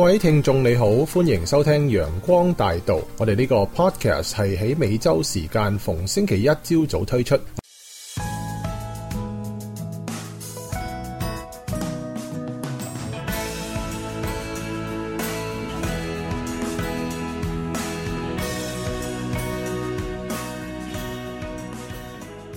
各位聽眾你好，歡迎收聽陽光大道。我哋呢個 podcast 係喺美洲時間逢星期一朝早推出。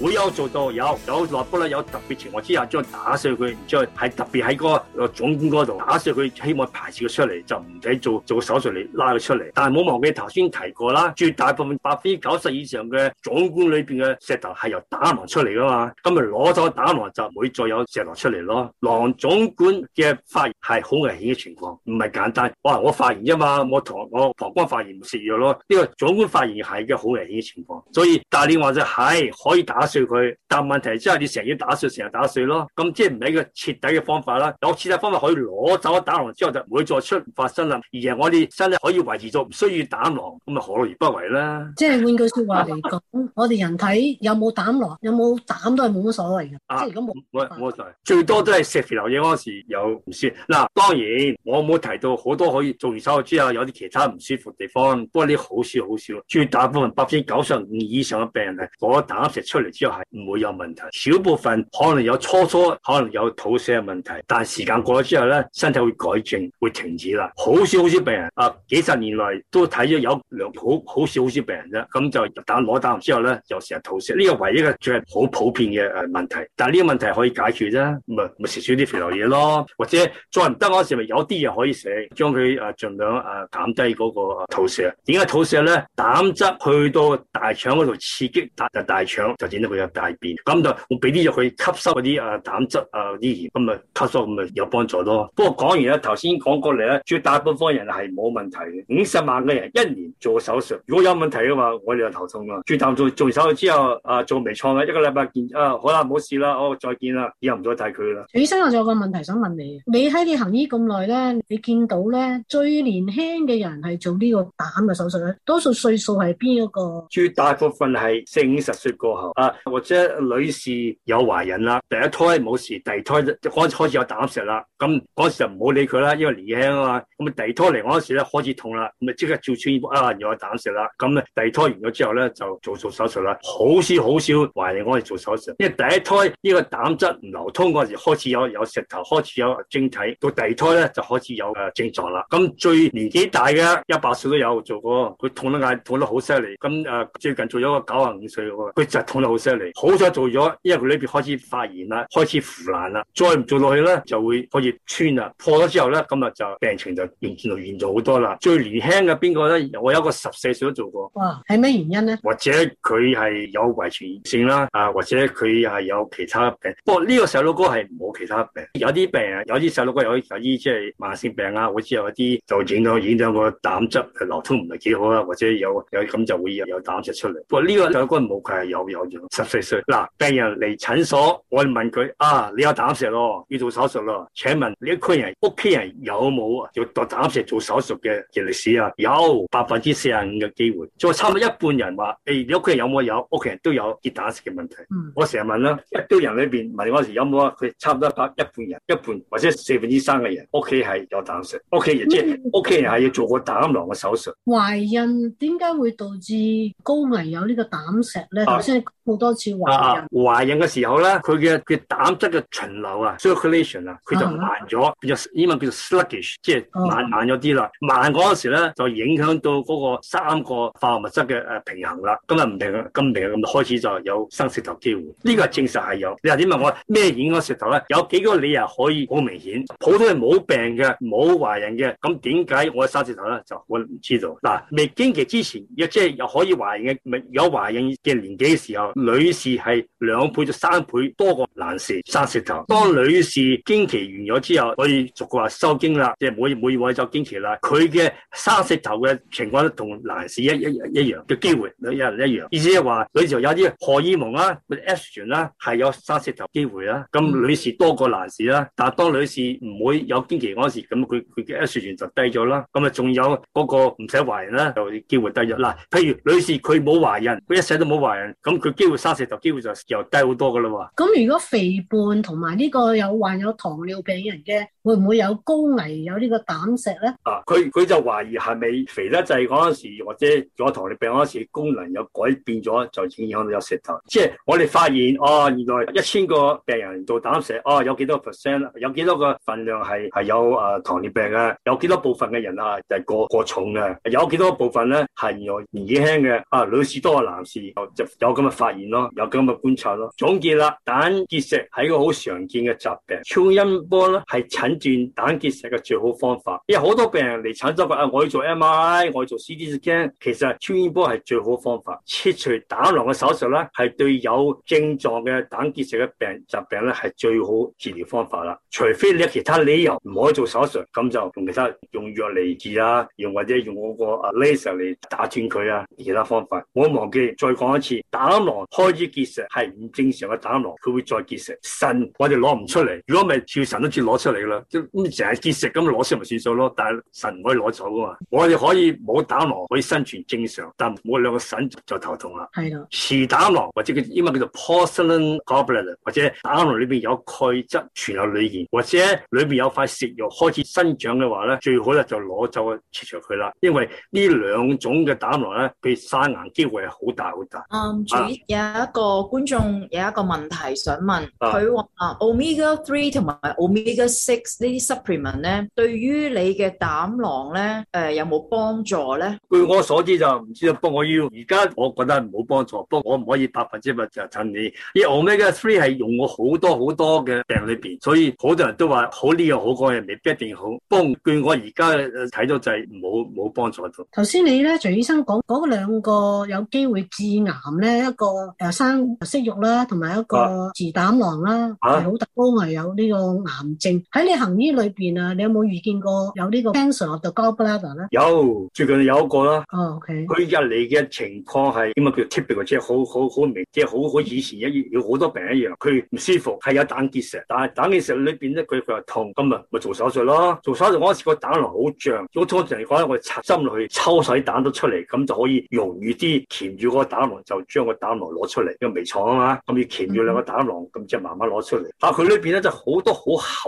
會有做到有有落波咧，有特別情況之下，將打碎佢，然之後係特別喺個總管嗰度打碎佢，希望排斥出佢出嚟，就唔使做做手術嚟拉佢出嚟。但係冇忘記頭先提過啦，絕大部分百分之九十以上嘅總管裏邊嘅石頭係由膽囊出嚟噶嘛，咁咪攞咗膽囊就唔會再有石頭出嚟咯。囊總管嘅發炎係好危險嘅情況，唔係簡單。哇，我發炎啫嘛，我同我膀胱發炎唔食藥咯。呢、這個總管發炎係一個好危險嘅情況，所以大係你話就係、是哎、可以打住佢，但問題即係你成日要打碎，成日打碎咯。咁即係唔係一個徹底嘅方法啦？有徹底方法可以攞走咗膽囊之後，就唔會再出發生啦。而係我哋身體可以維持咗，唔需要膽囊，咁啊何樂而不為啦。即係換句説話嚟講， 我哋人體有冇膽囊，有冇膽都係冇乜所謂嘅。啊、即係如果冇，冇對最多都係食肥流嘢嗰時有唔舒嗱，當然我冇提到好多可以做完手術之後有啲其他唔舒服的地方，不過啲好少好少，絕大部分百分之九十五以上嘅病人係攞咗膽石出嚟，就係唔會有問題，小部分可能有初初可能有肚瀉嘅問題，但係時間過咗之後咧，身體會改正，會停止啦。好少好少病人啊，幾十年來都睇咗有兩，好好少好少病人啫。咁就入膽攞膽之後咧，有成日肚瀉，呢個唯一嘅最係好普遍嘅誒問題。但係呢個問題可以解決啫，咪咪食少啲肥牛嘢咯，或者再唔得我時咪有啲嘢可以食，將佢誒盡量誒減低嗰個肚瀉。點解肚瀉咧？膽汁去到大腸嗰度刺激，大大腸就整到。有大便咁就我俾啲藥去吸收嗰啲啊膽汁啊啲鹽，咁咪吸收，咁咪有幫助咯。不過講完啦，頭先講過嚟咧，絕大部分人係冇問題嘅。五十萬嘅人一年做手術，如果有問題嘅話，我哋就頭痛啦。絕大做做完手術之後啊，做微創嘅一個禮拜見啊，好啦，冇事啦，我再見啦，以後唔再睇佢啦。醫生，我仲有個問題想問你。你喺你行醫咁耐咧，你見到咧最年輕嘅人係做呢個膽嘅手術咧，多數歲數係邊一個？絕大部分係四五十歲過後啊。或者女士有懷孕啦，第一胎冇事，第二胎就開始有膽石啦。咁嗰時就唔好理佢啦，因為年輕啊嘛。咁啊，第二胎嚟嗰陣時咧開始痛啦，咁啊即刻照穿衣服啊，又有膽石啦。咁咧第二胎完咗之後咧就做做手術啦，好少好少懷孕我哋做手術，因為第一胎呢個膽質唔流通嗰陣時開始有有石頭，開始有晶體。到第二胎咧就開始有誒症狀啦。咁最年紀大嘅一百歲都有做過，佢痛得嗌，痛得好犀利。咁誒最近做咗個九十五歲嗰個，佢就痛得好犀。好彩做咗，因為佢裏邊開始發炎啦，開始腐爛啦，再唔做落去咧，就會開始穿啦。破咗之後咧，咁就病情就完就嚴重好多啦。最年輕嘅邊個咧？我有個十四歲都做過。哇，係咩原因咧？或者佢係有遺傳性啦，啊，或者佢係有其他病。不過呢個細佬哥係冇其他病。有啲病，有啲細佬哥有啲即係慢性病啊，好似有啲就影響影響個膽汁流通唔係幾好啦，或者有有咁就會有有膽石出嚟。不過呢個細佬哥冇係有有，有，有，有十四歲嗱，病人嚟診所，我哋問佢：啊，你有膽石咯，要做手術咯？請問你一家人屋企人有冇啊？要做膽石做手術嘅歷史啊？有百分之四十五嘅機會，再差唔多一半人話：誒、欸，你屋企人有冇？有屋企人都有結膽石嘅問題。嗯、我成日問啦、啊，一堆人裏邊問嗰時有冇啊？佢差唔多一百、一半人，一半或者四分之三嘅人屋企係有膽石，屋企人、嗯、即係屋企人係要做個膽囊嘅手術。懷孕點解會導致高危有個膽呢個膽石咧？即係、啊。多次啊啊！懷孕嘅時候咧，佢嘅佢膽汁嘅循流啊 （circulation） 啊，佢就慢咗，啊啊、變咗英文叫做 sluggish，即係慢、啊啊、慢咗啲啦。慢嗰陣時咧，就影響到嗰個三個化學物質嘅誒平衡啦。咁啊唔平，咁平咁開始就有生石頭機會。呢、這個係證實係有。你話點問我咩引果石頭咧？有幾個理由可以好明顯。普通人冇病嘅，冇懷孕嘅，咁點解我生石頭咧？就我唔知道。嗱、啊，未經期之前，亦即係又可以懷孕嘅，未有懷孕嘅年紀嘅時候。女士係兩倍到三倍多過男士生石頭。當女士經期完咗之後，可以逐俗話收經啦，即、就、係、是、每每一位就經期啦。佢嘅生石頭嘅情況同男士一一,一,一樣嘅機會，兩一,一樣。意思係話，女士有啲荷爾蒙啊，或者 h 傳啦，係、啊、有生石頭機會啦、啊。咁女士多過男士啦、啊。但係當女士唔會有經期嗰時候，咁佢佢嘅 h 傳就低咗啦。咁啊，仲有嗰個唔使懷孕啦，就機會低咗啦。譬如女士佢冇懷孕，佢一世都冇懷孕，咁佢機會。砂石頭機會就又低好多噶啦喎。咁如果肥胖同埋呢個有患有糖尿病嘅人嘅？會唔會有高危有個膽呢個膽石咧？啊，佢佢就懷疑係咪肥得滯嗰陣時，或者咗糖尿病嗰時功能有改變咗，就影響到有石頭。即係我哋發現，哦，原來一千個病人做膽石，哦，有幾多 percent，有幾多個份量係係有啊糖尿病啊有幾多部分嘅人啊，就過過重啊，有幾多部分咧係原來年紀輕嘅，啊，女士多過男士，就有咁嘅發現咯，有咁嘅觀察咯。總結啦，膽結石係一個好常見嘅疾病，超音波咧係診。斷膽結石嘅最好方法，因為好多病人嚟診所嘅，啊我要做 MRI，我要做 C T scan，其實超音波係最好方法。切除膽囊嘅手術咧，係對有症狀嘅膽結石嘅病疾病咧係最好治療方法啦。除非你有其他理由唔可以做手術，咁就用其他用藥嚟治啦，用、啊、或者用我個啊 Laser 嚟打斷佢啊，其他方法。我忘記再講一次，膽囊開始結石係唔正常嘅膽囊，佢會再結石。腎我哋攞唔出嚟，如果唔係跳腎都跳攞出嚟啦。咁成日結石咁攞出咪算數咯？但係腎唔可以攞走噶嘛？我哋可以冇膽囊可以生存正常，但唔冇兩個腎就頭痛啦。係咯的，瓷膽囊或者叫英文叫做 porcelain goblet 或者膽囊裏邊有鈣質存喺裏邊，或者裏邊有塊瘜肉開始生長嘅話咧，最好咧就攞走切除佢啦。因為呢兩種嘅膽囊咧，佢生癌機會係好大好大。Um, 至啊主有一個觀眾有一個問題想問，佢話 omega three 同埋 omega six。3呢啲 supplement 咧，對於你嘅膽囊咧，誒、呃、有冇幫助咧？據我所知就唔知有幫我要。而家我覺得冇幫助，不過我唔可以百分之百就趁你。依個 Omega Three 係用我好多好多嘅病裏邊，所以好多人都話好呢樣好過人哋，未必一定好。不過據我而家睇到就係冇冇幫助到。頭先你咧徐醫生講嗰兩個有機會致癌咧，一個誒生息肉啦，同埋一個治膽囊啦，係好特高危有呢個癌症喺你。行醫裏邊啊，你有冇遇見過有個胞胞胞呢個 cancer or gallbladder 有最近有一個啦。哦、oh，OK。佢入嚟嘅情況係點啊？因為叫 typical，即係好好好明，即、就、係、是、好好以前一樣，有好多病一樣。佢唔舒服，係有膽結石，但係膽結石裏邊咧，佢佢又痛，咁啊，咪做手術咯。做手術嗰時個膽囊好脹，用通常嚟講咧，我插針落去抽晒啲膽都出嚟，咁就可以容易啲鉗住個膽囊，就將個膽囊攞出嚟。因為微創啊嘛，咁你鉗住兩個膽囊，咁即係慢慢攞出嚟。但係佢裏邊咧就好、是、多好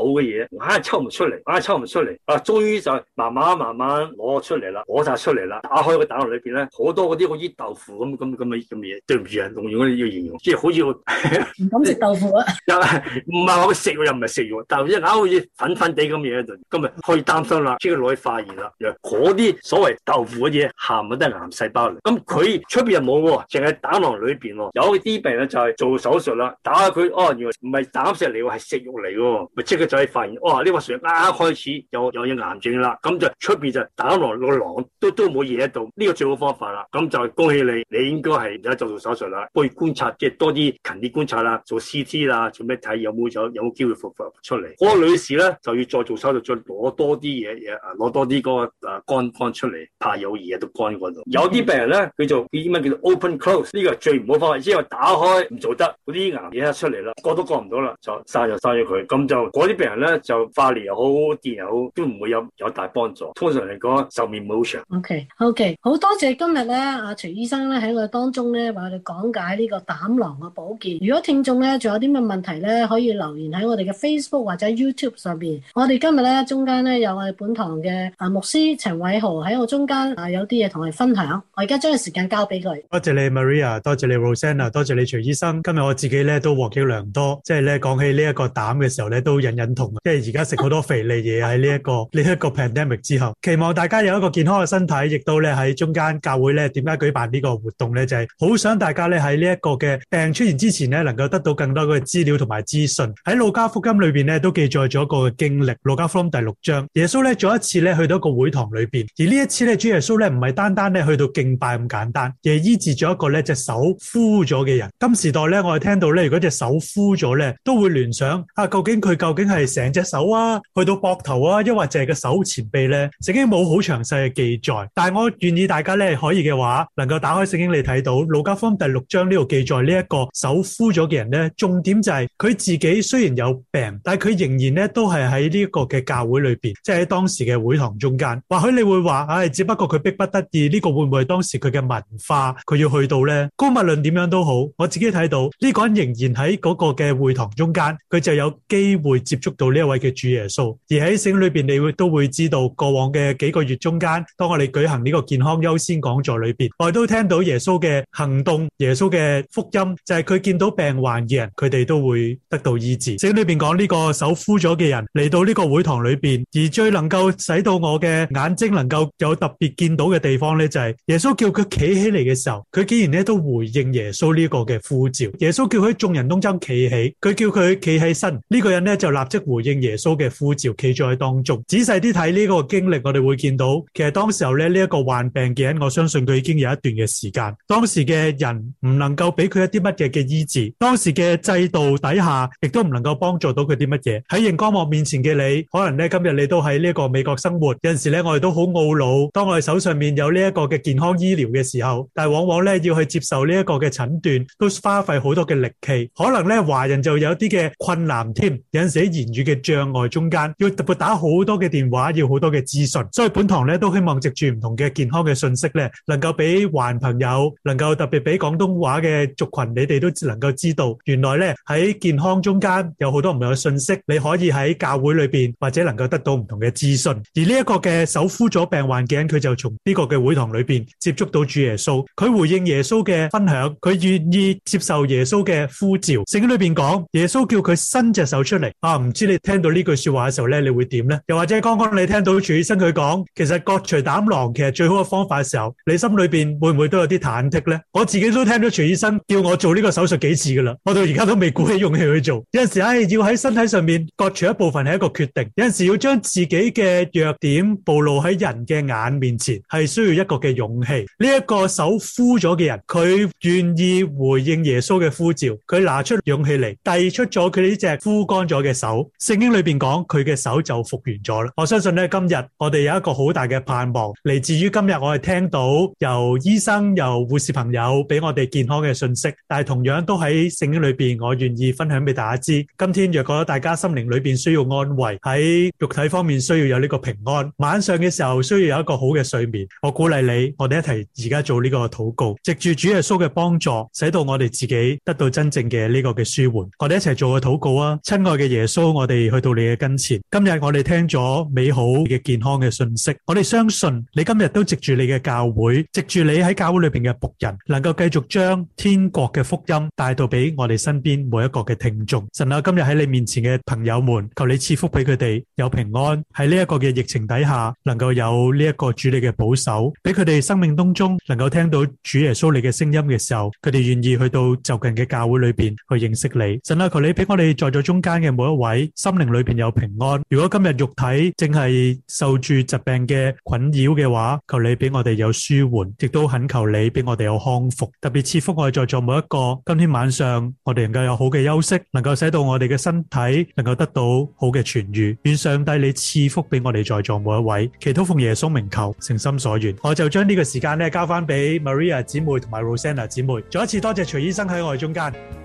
厚嘅嘢。硬係抽唔出嚟，硬係抽唔出嚟。啊，終於就係慢慢慢慢攞出嚟啦，攞晒出嚟啦。打開個膽囊裏邊咧，好多嗰啲好似豆腐咁咁咁嘅咁嘅嘢。對唔住啊，濃濃要形容，即係好似唔 敢食豆腐啊。又唔係話佢食喎，又唔係食肉，但係好似硬好似粉粉地咁嘢一頓，咁、嗯、咪可以擔心啦。即係攞去化驗啦，嗰啲所謂豆腐嘅嘢，鹹嘅都係癌細胞嚟。咁佢出邊又冇喎，淨係膽囊裏邊有啲病咧，就係做手術啦，打開佢哦，原來唔係膽石嚟喎，係食肉嚟喎，咪即刻就可以發現哦。呢個時候啱啱開始有有隻癌症啦，咁就出邊就打落落狼，狼，都都冇嘢喺度，呢個最好方法啦。咁就恭喜你，你應該係唔使做做手術啦。可以觀察即係多啲勤啲觀察啦，做 CT 啦，做咩睇有冇有有冇機會復發出嚟？嗰女士咧就要再做手術，再攞多啲嘢嘢，啊，攞多啲嗰個誒肝幹出嚟，怕有嘢喺度肝嗰度。有啲病人咧，佢就英文叫做 open close 呢個係最唔好方法，因為打開唔做得，嗰啲癌嘢出嚟啦，割都割唔到啦，就嘥就嘥咗佢。咁就嗰啲病人咧就。化療好，電療又好，都唔會有有大幫助。通常嚟講，壽命 emotion。O K，O K，好多謝今日咧，阿徐醫生咧喺我哋當中咧，為我哋講解呢個膽囊嘅保健。如果聽眾咧，仲有啲咩問題咧，可以留言喺我哋嘅 Facebook 或者 YouTube 上面。我哋今日咧中間咧有我哋本堂嘅啊牧師陳偉豪喺我中間啊，有啲嘢同你分享。我而家將個時間交俾佢。多謝你 Maria，多謝你 Rosanna，多謝你徐醫生。今日我自己咧都獲益良多，即係咧講起呢一個膽嘅時候咧，都隱隱痛。即而家食好多肥膩嘢，喺呢一個呢一個 pandemic 之後，期望大家有一個健康嘅身體，亦都咧喺中間教會咧點解舉辦呢個活動咧，就係好想大家咧喺呢一個嘅病出現之前咧，能夠得到更多嘅資料同埋資訊。喺《路加福音》裏面咧都記載咗一個經歷，《路加福音》第六章，耶穌咧做一次咧去到一個會堂裏面，而呢一次咧主耶穌咧唔係單單咧去到敬拜咁簡單，而係醫治咗一個咧隻手枯咗嘅人。今時代咧我哋聽到咧如果隻手枯咗咧都會聯想啊，究竟佢究竟係成隻？手啊，去到膊頭啊，抑或淨係個手前臂呢？聖經冇好詳細嘅記載。但係我願意大家咧可以嘅話，能夠打開聖經嚟睇到路加福音第六章呢度記載呢一個手枯咗嘅人呢，重點就係、是、佢自己雖然有病，但係佢仍然呢，都係喺呢一個嘅教會裏邊，即係喺當時嘅會堂中間。或許你會話，唉、哎，只不過佢逼不得已，呢、這個會唔會係當時佢嘅文化，佢要去到呢？」姑勿論點樣都好，我自己睇到呢、這個人仍然喺嗰個嘅會堂中間，佢就有機會接觸到呢一位。嘅主耶穌，而喺聖經裏邊你會都會知道過往嘅幾個月中間，當我哋舉行呢個健康優先講座裏邊，我哋都聽到耶穌嘅行動，耶穌嘅福音就係佢見到病患嘅人，佢哋都會得到醫治。聖經裏邊講呢個手枯咗嘅人嚟到呢個會堂裏邊，而最能夠使到我嘅眼睛能夠有特別見到嘅地方呢，就係耶穌叫佢企起嚟嘅時候，佢竟然呢都回應耶穌呢個嘅呼召。耶穌叫佢喺眾人當中企起，佢叫佢企起身，呢個人呢就立即回應耶穌。耶穌嘅呼召企在當中，仔細啲睇呢個經歷，我哋會見到，其實當時候咧，呢一個患病嘅人，我相信佢已經有一段嘅時間。當時嘅人唔能夠俾佢一啲乜嘢嘅醫治，當時嘅制度底下，亦都唔能夠幫助到佢啲乜嘢。喺熒光幕面前嘅你，可能咧，今日你都喺呢一個美國生活，有陣時咧，我哋都好懊惱，當我哋手上面有呢一個嘅健康醫療嘅時候，但係往往咧要去接受呢一個嘅診斷，都花費好多嘅力氣。可能咧華人就有啲嘅困難添，有陣時言語嘅障。外中間要特別打好多嘅電話，要好多嘅資訊，所以本堂咧都希望藉住唔同嘅健康嘅信息咧，能夠俾患朋友，能夠特別俾廣東話嘅族群，你哋都能夠知道，原來咧喺健康中間有好多唔同嘅信息，你可以喺教會裏邊或者能夠得到唔同嘅資訊。而呢一個嘅手枯咗病患嘅人，佢就從呢個嘅會堂裏邊接觸到主耶穌，佢回應耶穌嘅分享，佢願意接受耶穌嘅呼召。聖經裏邊講，耶穌叫佢伸隻手出嚟。啊，唔知你聽到。呢句說話嘅時候咧，你會點咧？又或者剛剛你聽到徐醫生佢講，其實割除膽囊其實最好嘅方法嘅時候，你心裏邊會唔會都有啲忐忑咧？我自己都聽到徐醫生叫我做呢個手術幾次噶啦，我到而家都未鼓起勇氣去做。有陣時，唉、哎，係要喺身體上面割除一部分係一個決定；有陣時要將自己嘅弱點暴露喺人嘅眼面前，係需要一個嘅勇氣。呢、這、一個手敷咗手枯咗嘅人，佢願意回應耶穌嘅呼召，佢拿出勇氣嚟，遞出咗佢呢隻枯乾咗嘅手。聖經裏。邊講佢嘅手就復原咗啦！我相信咧，今日我哋有一個好大嘅盼望嚟自於今日我係聽到由醫生、由護士朋友俾我哋健康嘅信息，但係同樣都喺聖經裏邊，我願意分享俾大家知。今天若果大家心靈裏邊需要安慰，喺肉體方面需要有呢個平安，晚上嘅時候需要有一個好嘅睡眠，我鼓勵你，我哋一齊而家做呢個禱告，藉住主耶穌嘅幫助，使到我哋自己得到真正嘅呢個嘅舒緩。我哋一齊做個禱告啊！親愛嘅耶穌，我哋去。到你嘅跟前。今日我哋聽咗美好嘅健康嘅信息，我哋相信你今日都藉住你嘅教會，藉住你喺教會裏邊嘅僕人，能夠繼續將天國嘅福音帶到俾我哋身邊每一個嘅聽眾。神啊，今日喺你面前嘅朋友們，求你賜福俾佢哋有平安。喺呢一個嘅疫情底下，能夠有呢一個主你嘅保守，俾佢哋生命當中能夠聽到主耶穌你嘅聲音嘅時候，佢哋願意去到就近嘅教會裏邊去認識你。神啊，求你俾我哋在座中間嘅每一位心靈。裏邊有平安。如果今日肉體淨係受住疾病嘅困擾嘅話，求你俾我哋有舒緩，亦都懇求你俾我哋有康復。特別賜福我哋在座每一個。今天晚上我哋能夠有好嘅休息，能夠使到我哋嘅身體能夠得到好嘅痊癒。願上帝你賜福俾我哋在座每一位。祈禱奉耶穌名求，誠心所願。我就將呢個時間咧交翻俾 Maria 姊妹同埋 Rosanna 姊妹。再一次多謝徐醫生喺我哋中間。